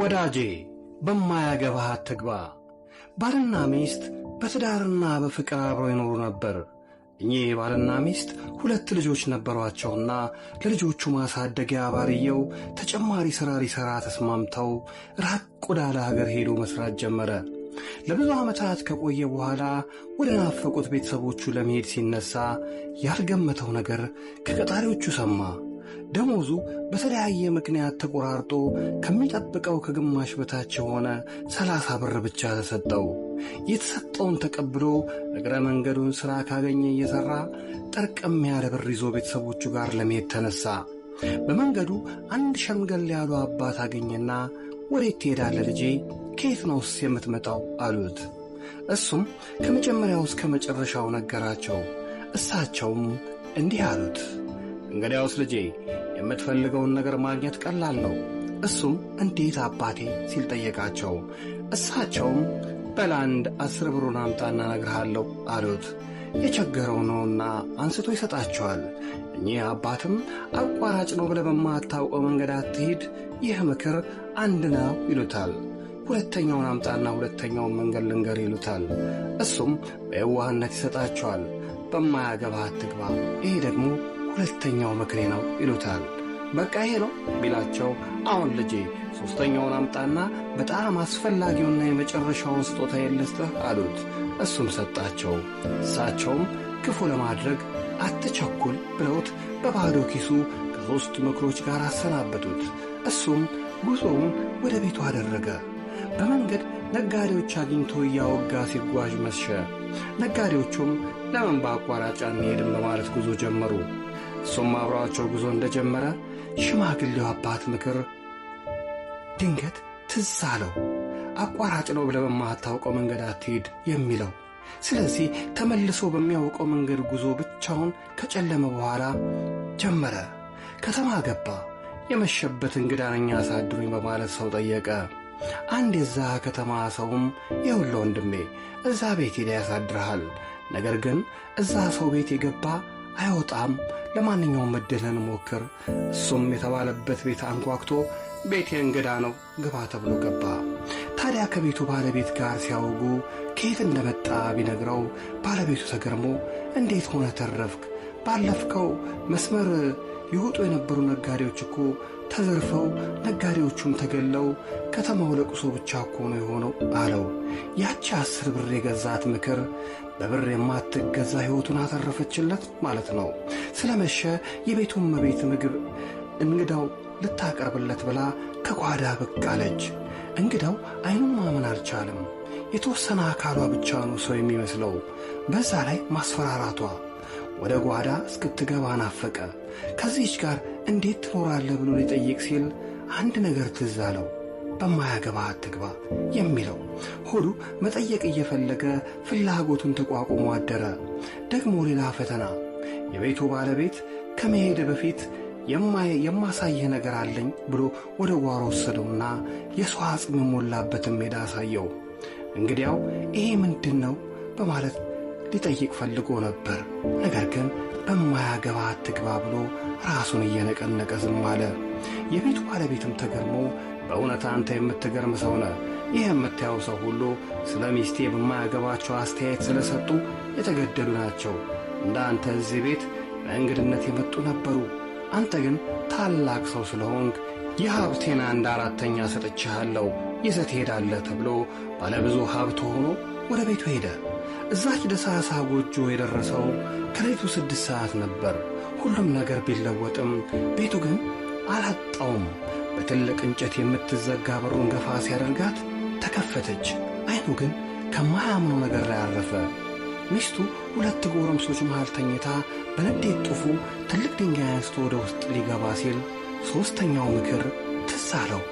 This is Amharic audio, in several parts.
ወዳጄ በማያገባህ አትግባ። ባልና ሚስት በትዳርና በፍቅር አብረው ይኖሩ ነበር። እኚህ ባልና ሚስት ሁለት ልጆች ነበሯቸውና ለልጆቹ ማሳደጊያ ባልየው ተጨማሪ ሥራ ሊሠራ ተስማምተው ራቅ ወዳለ አገር ሄዶ መሥራት ጀመረ። ለብዙ ዓመታት ከቆየ በኋላ ወደ ናፈቁት ቤተሰቦቹ ለመሄድ ሲነሣ ያልገመተው ነገር ከቀጣሪዎቹ ሰማ። ደሞዙ በተለያየ ምክንያት ተቆራርጦ ከሚጠብቀው ከግማሽ በታች የሆነ ሰላሳ ብር ብቻ ተሰጠው። የተሰጠውን ተቀብሎ እግረ መንገዱን ሥራ ካገኘ እየሠራ ጠርቅም ያለ ብር ይዞ ቤተሰቦቹ ጋር ለመሄድ ተነሣ። በመንገዱ አንድ ሸምገል ያሉ አባት አገኘና ወዴት ትሄዳለ ልጄ? ከየት ነውስ የምትመጣው? አሉት። እሱም ከመጀመሪያው እስከ መጨረሻው ነገራቸው። እሳቸውም እንዲህ አሉት፣ እንግዲያውስ ልጄ የምትፈልገውን ነገር ማግኘት ቀላል ነው። እሱም እንዴት አባቴ ሲል ጠየቃቸው። እሳቸውም በላንድ አስር ብሩን አምጣና እነግርሃለሁ አሉት። የቸገረው ነውና አንስቶ ይሰጣቸዋል። እኚህ አባትም አቋራጭ ነው ብለህ በማታውቀው መንገድ አትሂድ፣ ይህ ምክር አንድ ነው ይሉታል። ሁለተኛውን አምጣና ሁለተኛውን መንገድ ልንገር ይሉታል። እሱም በየዋህነት ይሰጣቸዋል። በማያገባህ አትግባ፣ ይሄ ደግሞ ሁለተኛው ምክሬ ነው ይሉታል። በቃ ይሄ ነው ቢላቸው፣ አሁን ልጄ ሦስተኛውን አምጣና በጣም አስፈላጊውና የመጨረሻውን ስጦታ የልስጥህ አሉት። እሱም ሰጣቸው። እሳቸውም ክፉ ለማድረግ አትቸኩል ብለውት በባዶ ኪሱ ከሦስት ምክሮች ጋር አሰናበቱት። እሱም ጉዞውን ወደ ቤቱ አደረገ። በመንገድ ነጋዴዎች አግኝቶ እያወጋ ሲጓዥ መሸ። ነጋዴዎቹም ለምን በአቋራጭ አንሄድም በማለት ጉዞ ጀመሩ። እሱም አብረዋቸው ጉዞ እንደጀመረ ሽማግሌው አባት ምክር ድንገት ትዝ አለው። አቋራጭ ነው ብለህ በማታውቀው መንገድ አትሄድ የሚለው። ስለዚህ ተመልሶ በሚያውቀው መንገድ ጉዞ ብቻውን ከጨለመ በኋላ ጀመረ። ከተማ ገባ። የመሸበት እንግዳ ነኝ አሳድሩኝ በማለት ሰው ጠየቀ። አንድ የዛ ከተማ ሰውም ይኸውልህ ወንድሜ እዛ ቤት ሄደህ ያሳድረሃል። ነገር ግን እዛ ሰው ቤት የገባ አይወጣም። ለማንኛውም ዕድልህን ሞክር። እሱም የተባለበት ቤት አንኳክቶ ቤቴ እንግዳ ነው ግባ ተብሎ ገባ። ታዲያ ከቤቱ ባለቤት ጋር ሲያወጉ ከየት እንደመጣ ቢነግረው ባለቤቱ ተገርሞ እንዴት ሆነ ተረፍክ? ባለፍከው መስመር ይወጡ የነበሩ ነጋዴዎች እኮ ተዘርፈው ነጋዴዎቹም ተገለው ከተማው ለቅሶ ብቻ እኮ ነው የሆነው አለው። ያቺ አስር ብር የገዛት ምክር በብር የማትገዛ ሕይወቱን አተረፈችለት ማለት ነው። ስለመሸ የቤቱን መቤት ምግብ እንግዳው ልታቀርብለት ብላ ከጓዳ ብቅ አለች። እንግዳው ዓይኑን ማመን አልቻለም። የተወሰነ አካሏ ብቻ ነው ሰው የሚመስለው። በዛ ላይ ማስፈራራቷ ወደ ጓዳ እስክትገባ ናፈቀ። ከዚህች ጋር እንዴት ትኖራለህ ብሎ ሊጠይቅ ሲል አንድ ነገር ትዝ አለው። በማያገባ አትግባ የሚለው ሆዱ መጠየቅ እየፈለገ ፍላጎቱን ተቋቁሞ አደረ። ደግሞ ሌላ ፈተና። የቤቱ ባለቤት ከመሄድ በፊት የማሳየህ ነገር አለኝ ብሎ ወደ ጓሮ ወሰደውና የሰው አጽም የሞላበትን ሜዳ አሳየው። እንግዲያው ይሄ ምንድን ነው በማለት ሊጠይቅ ፈልጎ ነበር። ነገር ግን በማያገባ አትግባ ብሎ ራሱን እየነቀነቀ ዝም አለ። የቤቱ ባለቤትም ተገርሞ በእውነት አንተ የምትገርም ሰው ነ ይህ የምታየው ሰው ሁሉ ስለ ሚስቴ በማያገባቸው አስተያየት ስለሰጡ የተገደሉ ናቸው። እንደ አንተ እዚህ ቤት በእንግድነት የመጡ ነበሩ። አንተ ግን ታላቅ ሰው ስለሆንክ የሀብቴን አንድ አራተኛ ሰጥቼሃለሁ፣ ይዘህ ትሄዳለህ ተብሎ ባለብዙ ሀብት ሆኖ ወደ ቤቱ ሄደ። እዛች ደሳሳ ጎጆ የደረሰው ከሌቱ ስድስት ሰዓት ነበር። ሁሉም ነገር ቢለወጥም ቤቱ ግን አላጣውም። በትልቅ እንጨት የምትዘጋ በሩን ገፋ ሲያደርጋት ተከፈተች። አይኑ ግን ከማያምኑ ነገር ላይ አረፈ። ሚስቱ ሁለት ጎረምሶች መሃል ተኝታ በንዴት ጡፉ ትልቅ ድንጋይ አንስቶ ወደ ውስጥ ሊገባ ሲል ሦስተኛው ምክር ትዝ አለው።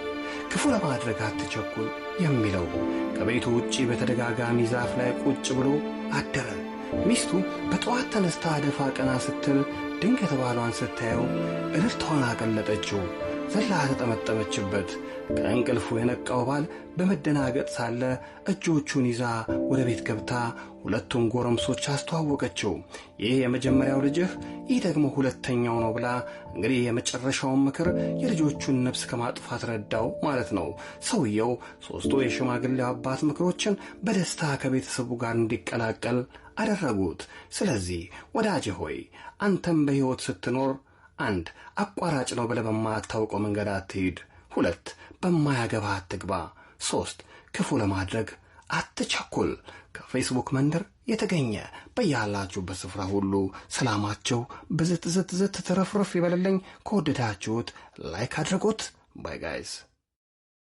ክፉ ለማድረግ አትቸኩል የሚለው ከቤቱ ውጭ በተደጋጋሚ ዛፍ ላይ ቁጭ ብሎ አደረ። ሚስቱ በጠዋት ተነስታ አደፋ ቀና ስትል ድንገት ባሏን ስታየው እልፍቷን አቀለጠችው። ዘላ ተጠመጠመችበት። ከእንቅልፉ የነቃው ባል በመደናገጥ ሳለ እጆቹን ይዛ ወደ ቤት ገብታ ሁለቱን ጎረምሶች አስተዋወቀችው። ይህ የመጀመሪያው ልጅህ፣ ይህ ደግሞ ሁለተኛው ነው ብላ እንግዲህ የመጨረሻውን ምክር የልጆቹን ነፍስ ከማጥፋት ረዳው ማለት ነው። ሰውየው ሦስቱ የሽማግሌ አባት ምክሮችን በደስታ ከቤተሰቡ ጋር እንዲቀላቀል አደረጉት። ስለዚህ ወዳጄ ሆይ አንተም በሕይወት ስትኖር አንድ አቋራጭ ነው ብለህ በማታውቀው መንገድ አትሂድ። ሁለት በማያገባ አትግባ። ሶስት ክፉ ለማድረግ አትቸኩል። ከፌስቡክ መንደር የተገኘ በያላችሁበት ስፍራ ሁሉ ሰላማቸው ብዝት ዝት ዝት ትረፍረፍ ይበልልኝ። ከወደዳችሁት ላይክ አድርጉት። ባይ ጋይስ